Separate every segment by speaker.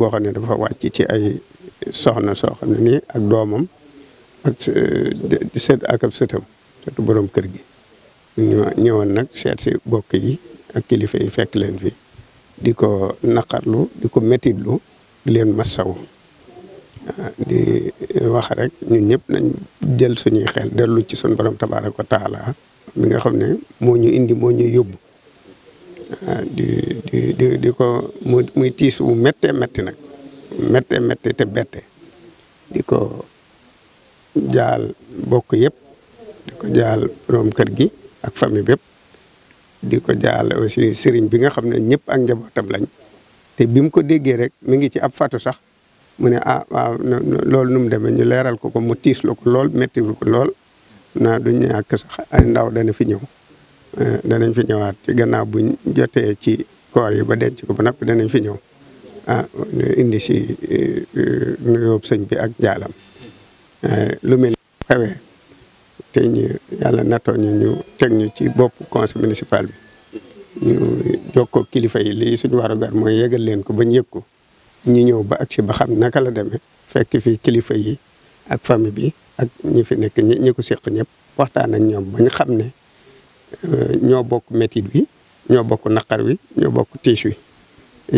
Speaker 1: boo xam ne dafa wàcc ci ay soxna soo xam ne ni ak doomam ak sët ak ab sëtam sëtu borom kër gi ñu ñëwoon nag seet si bokk yi ak kilifa yi fekk leen fi di ko naqarlu di ko métitlu di leen massaw ah, di wax rek ñun ñëpp nañ jël suñuy xel dellu ci suñ borom tabaaraka ko taala mi nga xam ne moo ñu indi moo ñu yóbbu Ah, di di di ko muy muy tiis wu méttee métti nag mette métti te bette di ko jaal bokk yépp di ko jaal borom kër gi ak famille bépp di ko jaal aussi sëriñ bi nga xam ne ñëpp ak njabootam lañ te bi ko déggee rek mi ngi ci ab fatu sax mu ne ah waaw loolu nu mu demee ñu leeral ko ko mu tiis la lool métti lool na du ñàkk sax ay ndaw dana fi ñëw Eh, danañ fi ñëwaat ci gannaaw buñ jotee ci koor yi ba denc ko ba noppi danañ fi ñëw ah indi si eh, eh, nuyoob sëñ bi ak jaalam lu mel xewee te ñu yàlla natoo ñu ñu teg ñu ci bopp conseil municipal bi ñu jokkoo kilifa yi lii suñu warugar mooy yëgal leen ko ba ñu yëg ko ñu ñëw ba agsi ba xam naka la demee fekk fi kilifa yi ak famille bi ak ñu fi nekk ñi ko séq ñëpp waxtaan ak ñoom bañ xam ne Euh, ñoo bokk métit bi ñoo bokk naqar wi ñoo bokk tiis wi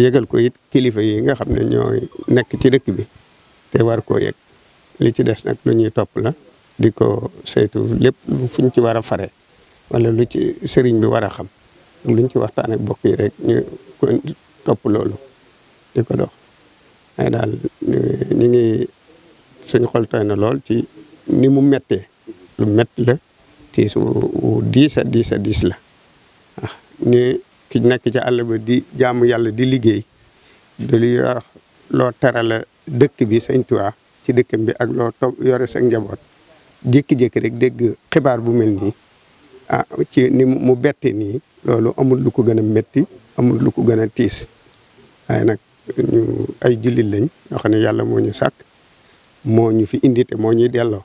Speaker 1: yëgal ko it kilifa yi nga xam ne ñoo nekk ci dëkk bi te war koo yëg li ci des nag lu ñuy topp la di ko saytu lépp fuñ ci war a fare walla lu ci sëriñ bi war a xam luñ ci waxtaan ak bokk yi rek ñu ko topp loolu di ko dox ay daal euh, ñu ngi suñ xol na lool ci ni mu mettee lu mett la tiis wu diis a diis la ah ni ki nekk ci àll ba di jaamu yàlla di liggéey du lu yor loo terale dëkk bi sëñ Tuubaa ci dëkkam bi ak loo toog yore sa njaboot jékki-jékki rek dégg xibaar bu mel nii ah ci ni mu bette nii loolu amul lu ko gën a metti amul lu ko gën a tiis waaye nag ñu ay jullit lañ yoo xam ne yàlla moo ñu sàkk moo ñu fi indi te moo ñuy delloo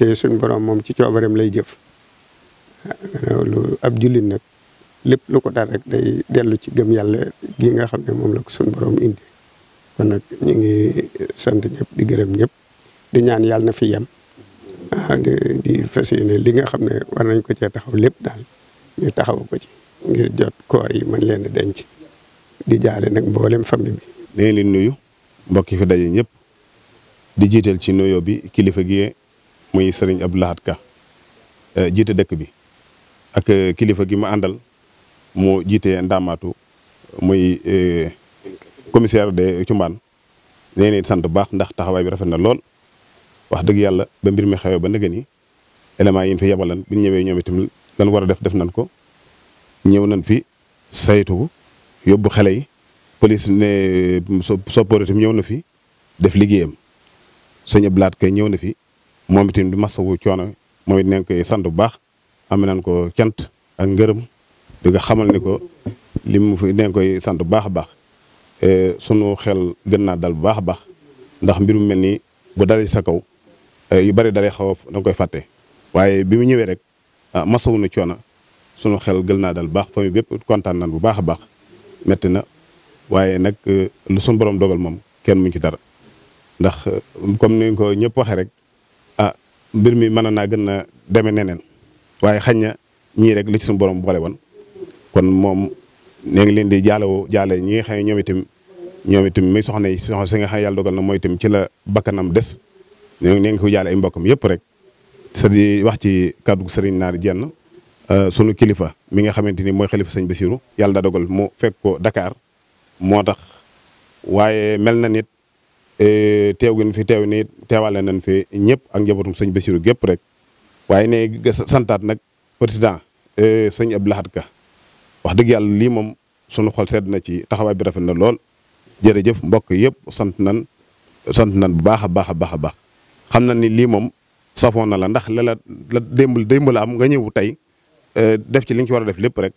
Speaker 1: te suñ borom moom ci coobareem lay jëf loolu ab jullit nag lépp lu ko dal rek day dellu ci gëm yàlla gi nga xam ne moom la ko suñ boroom indi kon nag ñu ngi sant ñëpp di gërëm ñëpp di ñaan yàll na fi yem di di fas yéene li nga xam ne war nañ ko cee taxaw lépp daal ñu taxaw ko ci ngir jot koor yi mën leen di denc di jaale nag mboolem famille bi.
Speaker 2: dinañ leen nuyu mbokk yi fi daje ñëpp di jiital ci nuyoo bi kilifa gi muy seriñ Abdou Lahad Ka eh, jiite dëkk bi ak eh, kilifa gi ma àndal mu jiite ndaamaatu muy eh, commissaire de Thiombane nee nañ sant baax ndax taxawaay bi rafet na lool wax dëgg yàlla ba mbir mi xewee ba nëgë ni éléments yi fi yebalan bi ñu ñëwee ñoom itam lan war a def def nañ ko ñëw nañ fi saytu yóbbu xale yi police ne soppoor itam ñëw na fi def liggéeyam sëñ Abdou Lahad Ka ñëw na fi moom itam di masawu coono moom it nañ koy sant bu baax am nañ ko cant ak ngërëm di xamal ni ko lim mu fi nañ koy sant bu baax a baax e, sunu xel gën naa dal bu baax a baax ndax mbir mu mel ni bu dalee sa kaw e, yu bari dalee xaw da nga koy fàtte waaye bi mu ñëwee rek masawu na coono sunu xel gën naa dal bu baax famille bépp kontaan nan bu baax a baax metti na waaye nag e, lu sunu borom dogal moom kenn muñ ci dara ndax comme ni ko ñëpp waxee rek. ah mbir mi mën naa gën na demee neneen waaye xañ na ñii rek li ci suñu borom boole woon kon moom nee leen di jaalawoo jaale ñi nga xam ñoom itam ñoom itam muy soxna yi soxna si nga xam ne yàlla dogal na mooy itam ci la bakkanam des nee ngi ko jaale ay mbokkam yëpp rek sa di wax ci kàddu sëriñ naar jenn euh, sunu kilifa mi nga xamante ni mooy xalifa sëñ Basiru yàlla daa dogal mu fekk ko Dakar moo tax waaye mel nit Eh, teew gi fi teew nii teewaale nañ fi ñëpp ak njabootum sëñ Bassirou gépp rek waaye ne santaat nag président eh, sëñ Abdou Lahad Ka wax dëgg yàlla lii moom sunu xol sedd na ci taxawaay bi rafet na lool jërëjëf mbokk yëpp sant nan sant nan bu baax a baax a baax a baax xam na ni lii moom safoon na la ndax la la la démb la am nga ñëw tey eh, def ci li nga ci a def lépp rek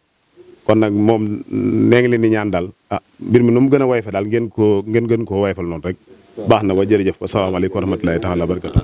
Speaker 2: kon nag moom nee ngi leen di ñaan daal a ah, mbir mi nu mu gën a wayfal daal ngeen ko ngeen gën koo wayfal noonu rek baax na ba jërëjëf wasalaamaaleykum wa rahmatulahi taala wa barakatu